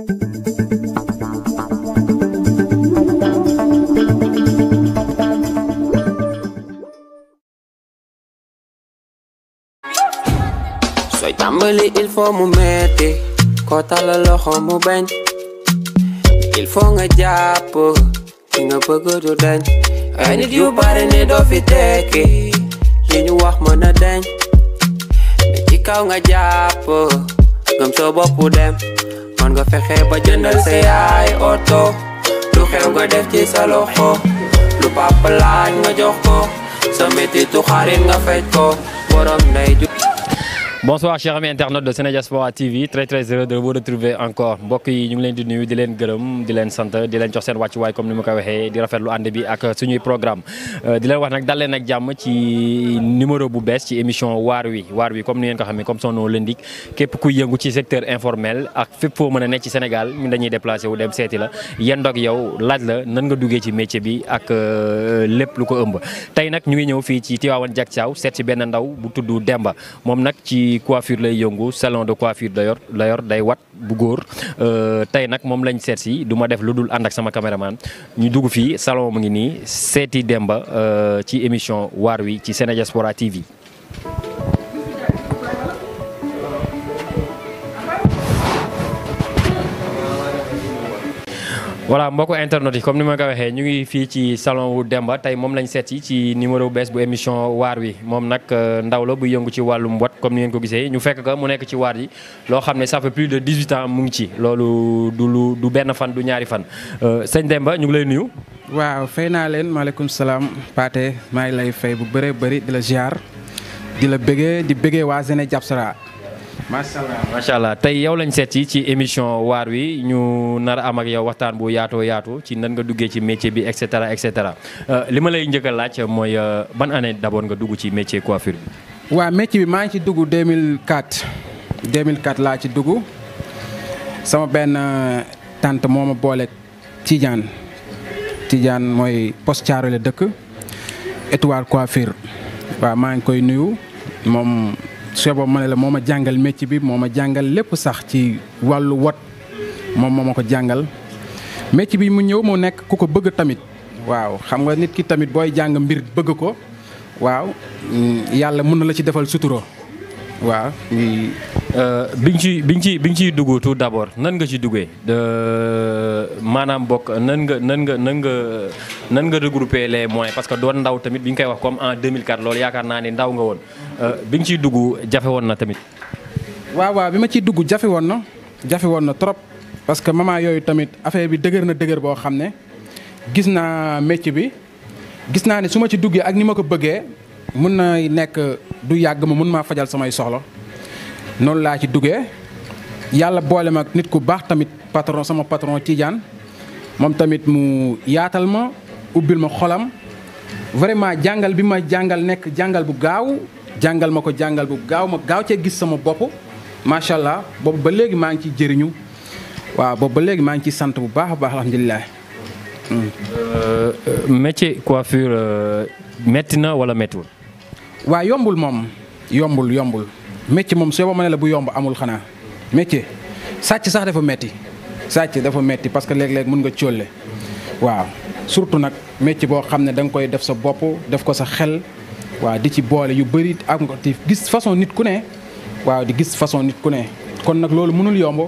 Sooy tàmbali il faut mu metti kota tàllal loxo mu bañ il faut nga jàpp nga bëgg du dañ I need you bari ni doo fi tekki li ñu wax mën a dañ ci kaw nga jàpp gëm sa bopp dem man nga fexe ba jëndal sa yaay oto lu xew nga def ci sa loxo lu papa laaj nga jox ko sa métti tu xarit nga faj ko borom nay ju bonsoir chers amis internautes de Sénédiaspora TV très très heureux de vous retrouver encore mbokk yi ñu ngi leen di nuyu di leen gërëm di leen sant di leen jox seen way comme ni ma ko waxee di rafetlu ànd bi ak suñuy programme Euh di leen wax nak dal leen ak jàmm ci numéro bu bees ci émission waar wi waar wi comme ni ngeen ko xamé comme son nom l'indique képp kuy yëngu ci secteur informel ak fépp fo mëna a ci Sénégal ñu dañuy déplacer wu dem séti la yéen doog yow laaj la nan nga duggé ci métier bi ak euh, lépp lu ko ëmb Tay nak ñu ngi ñëw fi ci Tivaouane Diack Thiaw seet si benn ndaw bu tudd Demba Mom nak ci ci coiffure lay yëngu salon de coiffure da yor la yor day wat bu góor euh, tey nag moom lañ seet si duma def lu dul ànd ak sama caméraman ñu dugg fii salon mu ngi nii seeti Demba euh, ci émission waar wi ci Sénédiaspora TV. voilà mbokk internet yi comme ni ma ko waxee ñu ngi fii ci salon wu Demba tey moom lañ seet yi ci numéro bu bu émission waar wi moom nag euh, ndaw la bu yëngu ci wàllum wat comme ni ngeen ko gisee ñu fekk ko mu nekk ci waar yi loo xam ne ça fait plus de 18 ans mu ngi ci loolu du lu du benn fan du ñaari fan euh, sëñ Demba ñu ngi lay nuyu. waaw fay naa leen maaleykum salaam Pathé maa ngi lay fay bu bëree bëri di la ziar di la bëggee di bëggee waa Zene Diapsara macha allah macha allah tey yow lañ seet yi ci émission waar wi ñu nar a am ak yow waxtaan bu yaatoo yaatu ci nan nga duggee ci métier bi et cetera et cetera euh, li ma lay njëkk laaj mooy euh, ban année d'abord nga dugg ci métier coiffure waa waaw bi maa ngi ci dugg 2004 2004 laa ci dugg sama benn euh, tante moom ma boole Tidiane Tidiane mooy post Thiaroye la dëkk étoile coiffure waaw maa ngi koy nuyu moom. su boobu ma ne la moo ma jàngal métier bi moo ma jàngal lépp sax ci wàllu wot moom moo ma ko jàngal métier bi mu ñëw moo nekk ku ko bëgg tamit waaw xam nga nit ki tamit booy jàng mbir bëgg ko waaw mm, yàlla mun na la ci defal sutura waaw Euh, bi nga ci bi nga ci bi ciy dugg tout d'abord nan nga ci duggee maanaam bokk nan nga nan nga nan nga nan nga regrouper les moyens parce que doon ndaw tamit bi nga koy wax comme en 2004 loolu yaakaar naa ne ndaw nga woon euh, bi nga ciy dugg jafe woon na tamit. waaw bi ma ciy dugg jafe woon na jafe woon na trop parce que maman yooyu tamit affaire bi dëgër na dëgër boo xam ne gis naa métier bi gis naa ne su ma ci duggee ak ni ma ko bëggee mun na nekk du yàgg ma mun maa fajal samay soxla. non la ci duggee yalla bolé ma nit ku bax tamit patron sama patron Tidiane mom tamit mu yaatal ma ubil ma xolam vraiment janggal nek janggal nek jangal bu gaaw jangal mako jangal bu gaaw ma gaaw ci gis sama bopp macha allah boobu ba légui ma ngi ci jeriñu wa bop ba légui ma ngi ci sante bu baax baax alhamdulilah. Hmm. Euh, euh, métier coiffure euh, metti na wala metti wa yombul mom yombul yombul. métier moom soo ma ne la bu yomb amul xanaa métier sàcc sax dafa metti sàcc dafa metti parce que léeg-léeg mun nga cóolle waaw surtout nag métier boo xam ne danga koy def sa bopp def ko sa xel waaw di ci boole yu bëri ak nga di gis façon nit ku ne waaw di gis façon nit ku ne kon nag loolu mënul yomb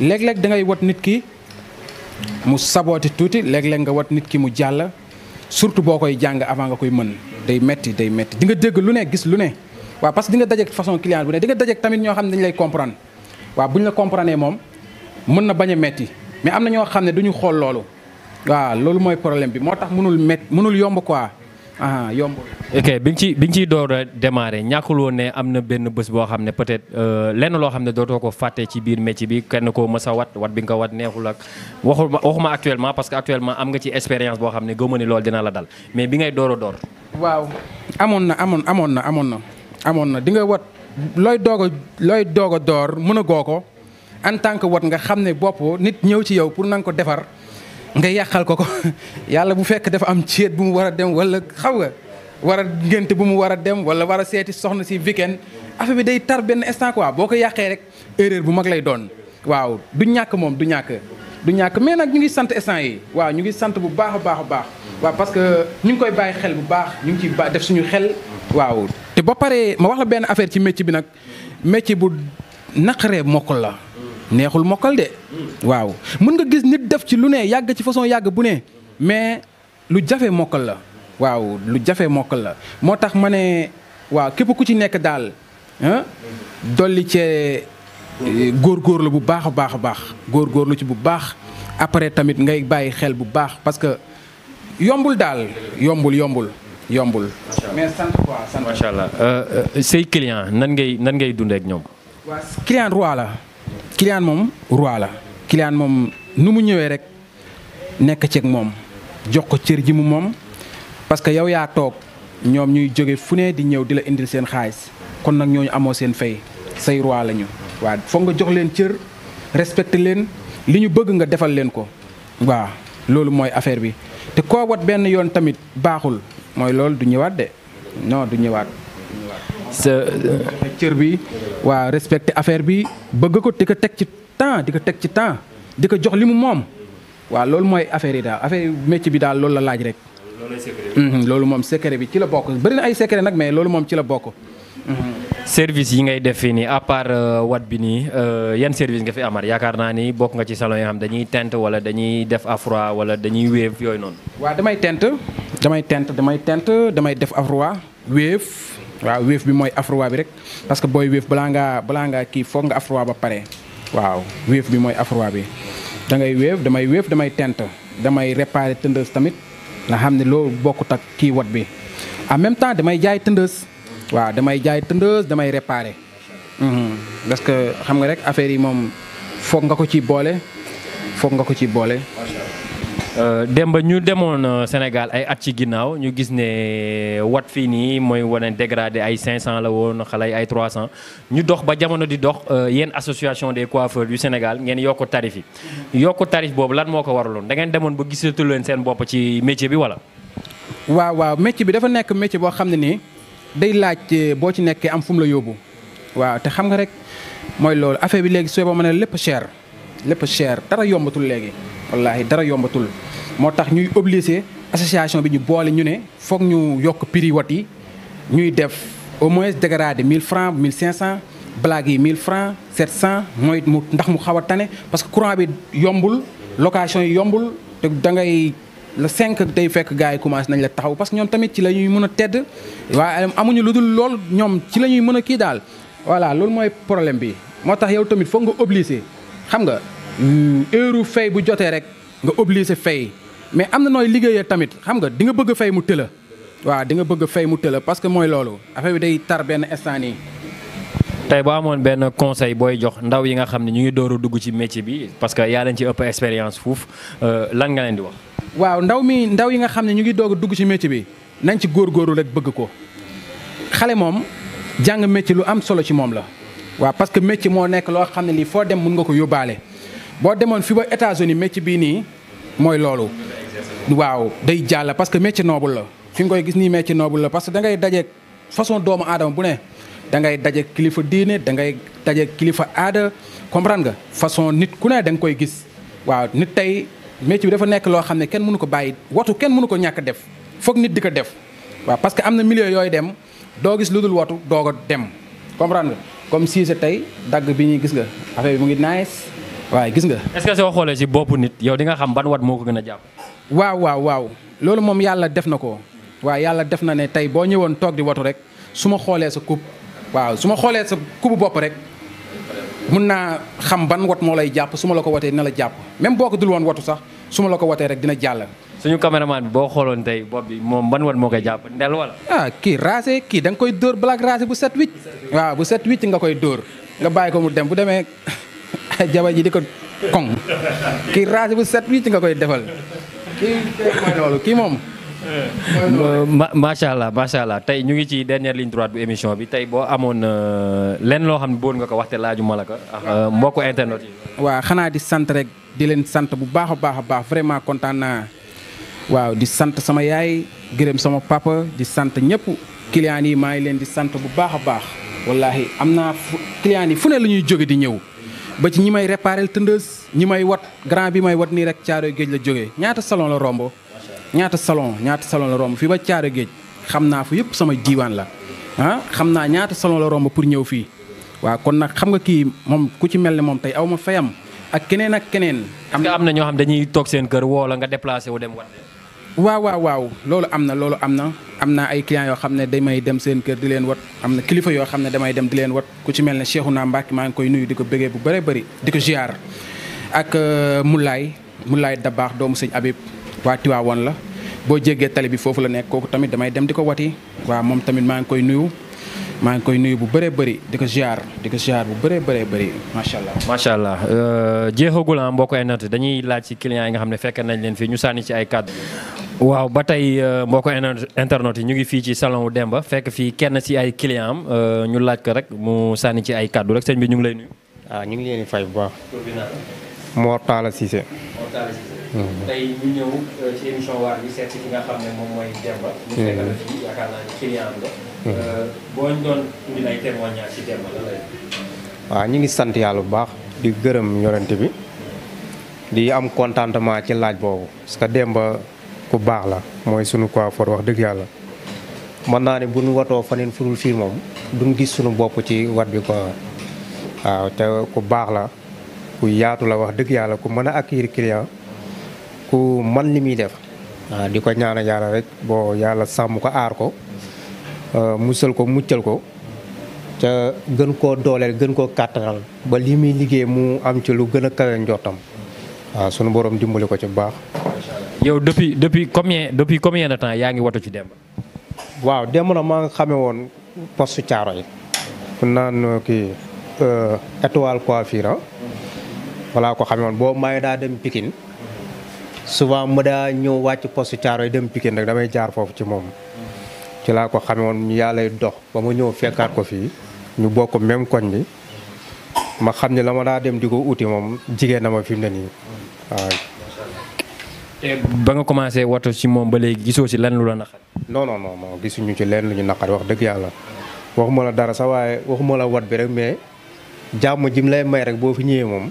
léeg-léeg da ngay wat nit ki mu saboote tuuti léeg-léeg nga wat nit ki mu jàll surtout boo koy jàng avant nga koy mën day metti day metti di nga dégg lu ne gis lu ne wa parce que di nga dajeeg façon client bu né di nga dajeeg tamit ño xamné dañ lay comprendre wa buñ la comprendre mom mën na baña metti mais amna ño xamné duñu xol du wa xool moy problème bi motax mënul met mënul yomb quoi ah yomb. ok biñ ci biñ ci ciy door a démarrer ñàkkul woon amna benn bés bo xamné peut-être euh lén lo xamné doto ko faté ci biir métier bi kenn ko mës wat wat bi nga wat neexul ak waxuma waxuma actuellement parce que actuellement am nga ci expérience bo xamné ne gëmma ni loolu dina la dal mais bi ngay dooro door. waaw amon na amon amon na amon na. amoon na di nga wat looy doog a looy doog a door mën a goo ko en tant que wat nga xam ne bopp nit ñëw ci yow pour na ko defar nga yàqal ko ko yàlla bu fekk dafa am céet bu mu war a dem wala xaw nga war a ngénte bu mu war a dem wala war a seeti soxna si weekend affaire bi day tar benn instant quoi boo ko yàqee rek erreur bu mag lay doon waaw du ñàkk moom du ñàkk du ñàkk mais nag ñu ngi sant instant yi waa ñu ngi sant bu baax a baax a baax waa parce que ñu ngi koy bàyyi xel bu baax ñu ngi ciy def suñu xel waaw te ba pare ma wax la benn affaire ci métier bi nag métier bu naqaree mokkal la neexul mokkal de waaw mën nga gis nit def ci lu ne yàgg ci façon yàgg bu ne mais lu jafe mokkal la waaw lu jafe mokkal la moo tax ma ne waaw képp ku ci nekk daal dolli cee eh, la bu baax a baax a baax lu ci bu baax après tamit ngay bàyyi xel bu baax parce que yombul daal yombul yombul yombul. mais sant quoi sant. macha allah euh, euh, say client nan ngay nan ngay dundee ak ñoom. waa client roi la. client moom roi la. client moom nu mu ñëwee rek nekk ceeg moom jox ko cër ji mu moom parce que yow yaa toog ñoom ñuy jóge fu ne di ñëw di la indil seen xaalis kon nag ñooñu amoo seen fay say roi la ñu. waa foog nga jox leen cër respecté leen li ñu bëgg nga defal leen ko. waa loolu mooy affaire bi te koo wat benn yoon tamit baaxul. mooy loolu du ñëwaat de non du ñëwaat. sa cër bi waa respecte affaire bi bëgg ko di teg ci temps di ko teg ci temps di ko jox li mu moom waa loolu mooy affaire yi daal affaire métier bi daal loolu la laaj rek. Mhm, loolu moom secret bi ci la bokk bëri na ay secret nag mais loolu moom ci la bokk. service yi ngay def fii nii à part euh, wat bi nii euh, yan service nga fi amar yaakaar naa ni bokk nga ci salon yoo xam dañuy tent wala dañuy def à froid wala dañuy wéef yooyu noonu. waaw damay tent. damay tent damay tent damay def afroa wéef waaw wéef bi mooy afroa bi rek parce que booy wéef balaa ngaa balaa ngaa kii foog nga afroa ba pare waaw wéef bi mooy afroa bi da ngay wéef damay wéef damay tent damay réparer tëndës tamit nga xam ne loolu bokkut ak kii wat bi en même temps damay jaay tëndës waaw damay jaay tëndës damay réparer mhm. parce que xam nga rek affaire yi moom foog nga ko ci boole foog nga ko ci boole Euh, dem ba ñu demoon euh, Sénégal ay at ci ginnaaw ñu gis ne euh, wat fii nii mooy wane dégradé ay cinq 500 la woon xale ay trois cent ñu dox ba jamono di dox yéen association des coiffeurs yu Sénégal ngeen yokk tarif yi. yokk tarif boobu lan moo ko waraloon da ngeen demoon ba gisatu leen seen bopp ci métier bi wala. waaw waaw métier bi dafa nekk métier boo xam ne nii day laaj boo ci nekkee am fu la yóbbu. waaw te xam nga rek mooy loolu affaire bi léegi soo ba ma ne lépp cher lépp cher dara yombatul léegi. wallaahi dara yombatul moo tax ñuy obligé association bi ñu boole ñu ne foog ñu yokk prix wat yi ñuy def au moins dégradé 1000 francs 1500 blague yi 1000 francs 700 mooy mu ndax mu xaw a tane parce que courant bi yombul location yi yombul te da ngay le 5 day fekk gars yi commencé nañ la taxaw parce que ñoom tamit ci la ñuy mën a tedd waaye amuñu lu dul lool ñoom ci la ñuy mën a kii daal voilà loolu mooy problème bi moo tax yow tamit foog nga obligé xam nga. heure fay bu jotee rek nga obligé fay mais am na nooy liggéeyee tamit xam nga di nga bëgg a fay mu tëla waaw dinga bëgg a fay mu tëla parce que mooy loolu affaire bi day tar benn instant nii. tey boo amoon benn conseil booy jox ndaw yi nga xam ne ñu ngi door a dugg ci métier bi parce que yaa leen ci ëpp expérience euh, lan nga leen di wax. waaw ndaw mi ndaw yi nga xam ne ñu ngi doog a dugg ci métier bi nañ ci góorgóorlu rek bëgg ko xale moom jàng métier lu am solo ci moom la. waaw parce que métier moo nekk loo xam ne lii foo dem mun nga ko yóbbaale. boo demoon fi ba États-Unis métier bii nii mooy loolu. waaw day jàll parce que métier noble la fi nga koy gis nii métier noble la parce que da ngay dajeeg façon doomu aadama bu ne da ngay dajeeg kilifa diine da ngay dajeeg kilifa aada comprendre nga façon nit ku ne da nga koy gis. waaw nit tey métier bi dafa nekk loo xam ne kenn mënu ko bàyyi watu kenn mënu ko ñàkk def foog nit di ko def waaw parce que am na milieu yooyu dem doo gis lu dul watu doog a dem comprendre nga comme Cissé tey dagg bi ñuy gis nga affaire mu ngi nice waay gis nga. est-ce que so xolé ci boppu nit yow di nga xam ban wat moko gëna japp waaw waaw waaw lolu mom yalla def nako ko waaw yàlla def na ne tay bo ñëwoon tok di watu rek suma xolé sa coupe waaw suma xolé sa coupe bop rek mën na xam ban wat mo lay japp suma lako waté ko watee la jàpp même boko dul won watu sax suma lako waté rek dina jàll. suñu cameraman bo xolon tay tey bi mom ban wat mo koy japp ndel wala. ah ki rasé ki dang koy dóor balaa rasé bu set wicc. waaw bu set nga koy dóor nga bàyyi ko mu dem bu démé jabar ji di ko koŋ ki raasi bu set wicc nga koy defal kii mooy loolu moom macha allah macha allah tey ñu ngi ci dernière ligne droite bu émission bi tey boo amoon euh, lenn loo xam ne boo nga ko waxte laaju malaka euh, mbokku internet yi waaw xanaa di sant rek di leen sant bu baax a baax a baax vraiment kontaan naa waaw di sant sama yaay gërëm sama papa di sant ñëpp clients yi maa ngi leen di sant bu baax a baax wallaahi am na clients yi fu ne la ñuy jóge di ñëw ba ci ñi may réparel tëndës ñi may wat grand bi may wat nii rek caaro géej la jógee ñaata salon la rombo ñaata salon ñaata salon la romb fii ba caaro géej xam naa fu yëpp sama diiwaan la ah xam naa ñaata salon la romb pour ñëw fii waaw kon nag xam nga kii moom ku ci mel ni moom tey aw ma fayam ak keneen ak keneen. nga am na ñoo xam dañuy toog seen kër woo la nga déplacé wu dem wat waaw waaw loolu am na loolu am na am na ay clients yoo xam ne damay dem seen kër di leen wot am na kilifa yoo xam ne damay dem di leen wot ku ci mel ne Cheikhouna Mbacke maa ngi koy nuyu di ko bëggee bu bëree bëri di ko ziar ak euh, Moulay Moulay Dabaax doomu sëñ Abib waa Tiwaawoon la boo jéggee tali bi foofu la nekk kooku damay dem di ko wati waaw moom tamit maa ngi koy nuyu maa ngi koy nuyu bu bëree bëri di ko ziar di ko ziar bu bëree bëree bëri macha allah. macha la euh, jeexagul ah, mbokk ay natt dañuy laaj ci clients yi nga xam ne fekk nañ leen fii ñu sànni ci ay kàddu. waaw ba tey euh, mbokk internet yi ñu ngi fii ci salon Demba fekk fii kenn ci ay client am euh, ñu laaj ko rek mu sànni ci ay kàddu rek sëñ bi ñu ngi lay nuyu. ah ñu ngi leen di fay bu baax. Mor Talla Cissé. Mor Talla Cissé. Mhm. tey ñu ñëw euh, ci émission waar bi seet si ki nga xam ne moom mooy Demba. Mhm. ñu fekk na fii yaakaar naa ni client am la. Mhm. boo ñu doon indil lay témoignage ci Demba la lay. waaw ñu ngi sant yàlla bu baax di gërëm yorante bi di am contentement ci laaj boobu parce que Demba ku baax la moy sunu coiffeur wax deug yalla man na ni buñu wato fanen furul fi mom duñ gis sunu bop ci wat bi ko waaw te ku baax la ku yaatu la wax deug yalla ku meuna a accueillir client ku man li muy def diko di yalla rek bo yalla sam ko ar ko euh, mussel ko muccel ko te gën ko dolel gën ko kàttanal ba limi liggé mu am ci lu gëna kawé kawe njottam suñu sunu borom dimbali ko ci baax yow depuis depuis combien depuis combien de temps yaa ngi watu ci démb. waaw démb na ma ngi xamee woon poste tiaro yi. ki euh étoile coiffure wala ah. ko xamee woon boo may da dem Pikine souvent mu da ñëw wacc poste tiaro yi dem Pikine rek damay jaar fofu ci mom ci la ko xamé won ya lay dox ba ma ñew fekkaat ko fii ñu bokk même koñ bi ma xamni lama da dem diko ko mom moom na ma fi ni waaw. ba nga commencé watu ci moom ba léegi gisoo ci lenn lu la naqari. non non gisuñu ci lenn lu ñu naqari wax dëgg yàlla waxuma la dara sax waaye waxuma la wat bi rek mais jàmm jim lay may rek boo fi ñëwee moom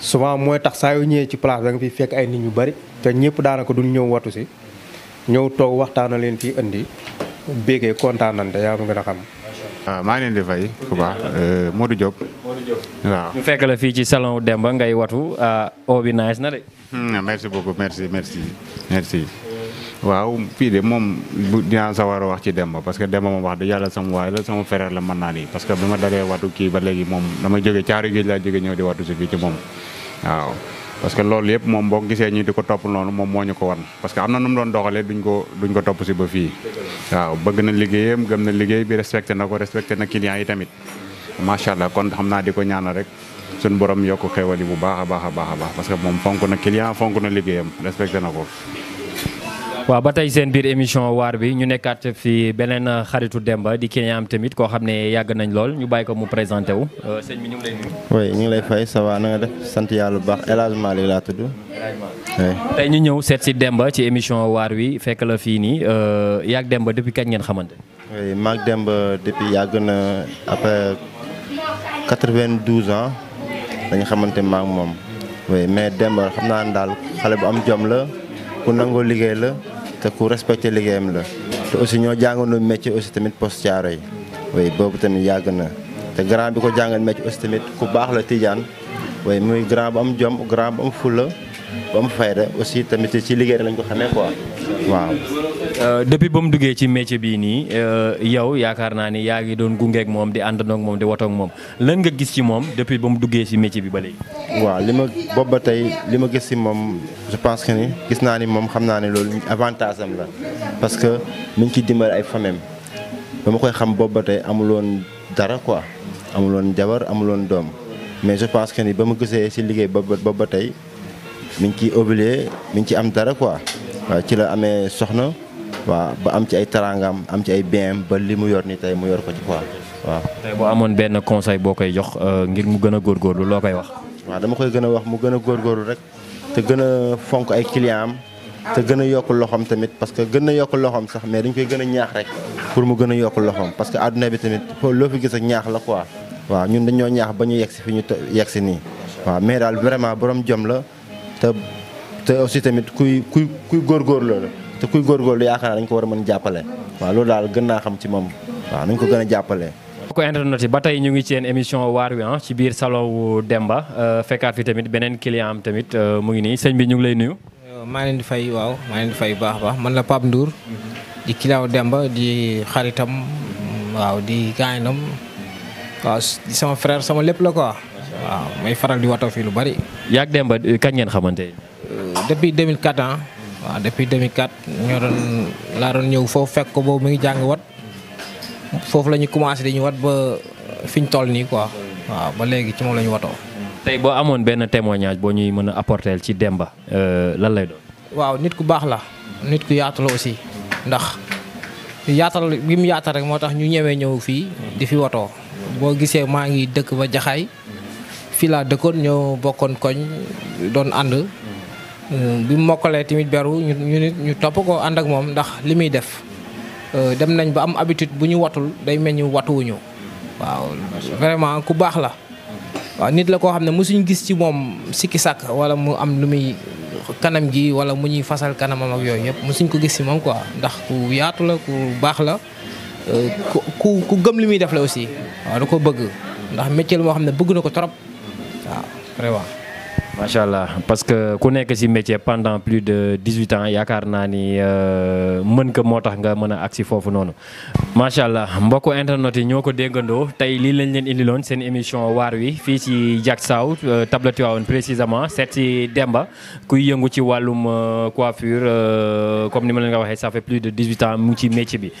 souvent mooy tax saa yu ñëwee ci place da nga fekk ay nit ñu bari te ñëpp daanaka duñ ñëw watu si ñëw toog waxtaana leen fii indi béggee kontaanante yaa ma gën a xam. waaw ah, maa ngi leen di fay bu baax euh, Modou waaw ñu fekk la fii ci salon demb ngay watu euh, o bi nice na de. Hmm, merci beaucoup merci merci merci. waaw fii de moom bu dinaa sawar a wax ci Demba parce que Demba moom wax dëgg yàlla sama waay la sama frère la mën naa nii parce que bi ma dalee watu kii ba léegi moom dama jóge caaru géej laa jóge ñëw di watu si fii ci moom waaw. parce que loolu yëpp moom boo gisee ñu di ko topp noonu moom moo ñu ko wan parce que am na nu mu doon doxalee duñ ko duñ ko topp si ba fii. waaw bëgg na liggéeyam gëm na liggéey bi respecté na ko respecté na client yi tamit. macha allah kon xam naa di ko ñaanal rek suñu borom yokk xéwal yi bu baax a baax a baax a baax parce que moom fonk na client fonk na liggéeyam respecté na ko. waaw ba tey seen biir émission waar bi ñu nekkaat fi beneen xaritu Demba di client am tamit koo xam ne yàgg nañ lool ñu bàyyi ko mu présenté wu. Euh, sëñ ñu ngi lay nuyu. fay ça va na def sant yàlla bu baax élagement Hadj laa tudd. tey ñu ñëw seet si Demba ci émission waar wi fekk la fii nii euh, yàgg Demba depuis kañ ngeen xamante. oui Demba depuis yàgg na après. 92 ans dañu xamante ma moom. oui mais Demba xam naa ne daal xale bu am jom la ku nangoo liggéey la te ku respecté liggéeyam la te aussi ñoo jàngandoo métier aussi tamit poste caaro yi oui boobu tamit yàgg na te grand bi ko jàngal métier aussi tamit ku baax la Tidiane oui muy grand bu am jom grand bu am fulla bu am fayda aussi tamit ci liggéey lañ ko xamee quoi waaw. Euh, depuis ba mu duggee ci métier bii nii euh, yow yaakaar naa ni yaa ngi doon gungeek moom di àndandoo moom di wotoog moom lan nga gis ci moom depuis ba mu duggee ci métier bi ba léegi. waaw li ma bopp ba tey li ma gis ci moom je pense que ni gis naa ni moom xam naa ne loolu avantage am la parce que mu ngi ciy dimbali ay famem ba ma koy xam bopp ba tey amuloon dara quoi amuloon jabar amuloon doom mais je pense que ni ba ma gisee ci liggéey bopp ba tey mu ngi ciy obligé mi ngi ci am dara quoi waaw ci la amee soxna. waaw ba am ci ay tarangam am ci ay bien ba li mu yor ni tey mu yor ko ci quoi waaw. boo amoon benn conseil boo koy jox euh, ngir mu gën a góorlu loo koy wax. waaw dama koy gën a wax mu gën a góorgóorlu rek te gën a fonk ay client am te gën a yokk loxoom tamit parce que gën a yokk loxoom sax mais dañ koy gën a ñaax rek pour mu gëna a yokk loxoom parce que àdduna bi tamit loo fi gis ak ñaax la quoi waaw ñun dañoo ñaax ba ñu yegg si fi ñu yegg si nii waaw mais daal vraiment borom jom la te te aussi tamit kuy kuy kuy góorgóorlu la te kuy góorgóorlu yaakaar naa dañ ko wara a jappalé wa lool dal daal gën naa xam ci mom wa nañ ko gëna a ko internet ba ñu ngi ci en émission war wi ah, ci biir salon wu Demba euh, fekkat fi tamit benen client am tamit euh, mu ngi ni señ bi ñu ngi lay nuyu euh, ma leen di fay waaw ma leen di fay baax baax man la pap Ndour di client Demba di xaritam waaw di gaynam waaw di sama frère sama lepp la quoi waaw may faral di wato fi lu bari Yak Demba kañ ngeen xamanté depuis 2004 waaw depuis 2004 ñoo doon laa doon ñëw foofu fekk ko boobu mu ngi jàng wat foofu la ñu commencé di wat ba fi ñu toll nii quoi waaw ba léegi ci moom la ñu watoo. tey boo amoon benn témoignage boo ñuy mën a apporter ci Demba euh, lan lay doon. waaw nit ku baax la. nit ku yaatu la aussi. ndax yaatal bi mu yaatal rek moo tax ñu ñëwee ñëw fii di fi watoo. boo gisee maa ngi dëkk ba jaxaay fii laa dëkkoon ñoo bokkoon koñ doon ànd. Euh, bi mu mokkalee tamit beru ñu ñu ñu topp ko ànd ak moom ndax li muy def euh, dem nañ ba am habitude bu ñu watul day mel ni watuwuñu waaw vraiment ku baax la waaw nit la koo xam ne mosuñ gis ci moom sikki sàkk wala mu am lu muy kanam gi wala mu ñuy fasal kanamam yooyu yëpp mosuñ ko gis ci moom quoi ndax ku yaatu la ku baax la euh, ku ku gëm li muy def la aussi waaw da ko bëgg ndax métier moo xam ne bëgg na ko trop waaw macha parce que ku que ci métier pendant plus de 18 ans yaakaar naa ni euh, mën ko moo tax nga mën a agsi foofu noonu. macha allah mbokku internet yi ñoko ko tay li lañ leen indiloon seen émission waar wi fii ci Jack Saw euh, Tableau précisément seet ci Demba kuy yëngu ci walum euh, coiffure comme ni ma leen nga waxe ça fait plus de 18 ans mu ci métier bi.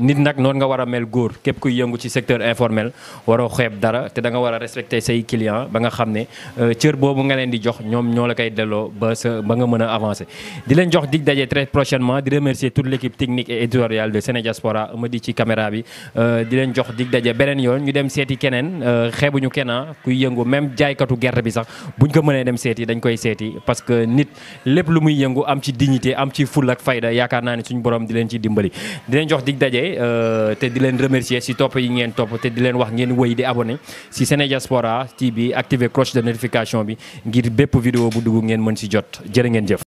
nit nak non nga wara mel góor kep kuy yëngu ci secteur informel wara xeb dara té da nga wara respecter say clients ba nga xamné euh cër bobu nga leen di jox ñoom ñoo la koy delloo ba sa ba nga mën a avancer di leen jox dig daje très prochainement di remercier toute l' technique et éditoriale de Sénédiaspora ma di ci caméra bi euh, di leen jox dig daje beneen yoon ñu dem seeti keneen euh, xeebuñu kenaa kuy yëngu même jaaykatu gerte bi sax buñ ko mënee dem seeti dañ koy seeti parce que nit lépp lu muy yëngu am ci dignité am ci ful ak fayda yaakaar naa ne suñu borom di leen ci dimbali di leen jox dig daje euh, te di yi ngeen topp te di di abonné si Sénédiaspora TV activer cloche de bi ngir bépp vidéo bu dugg ngeen mën si jot jërë ngeen jëf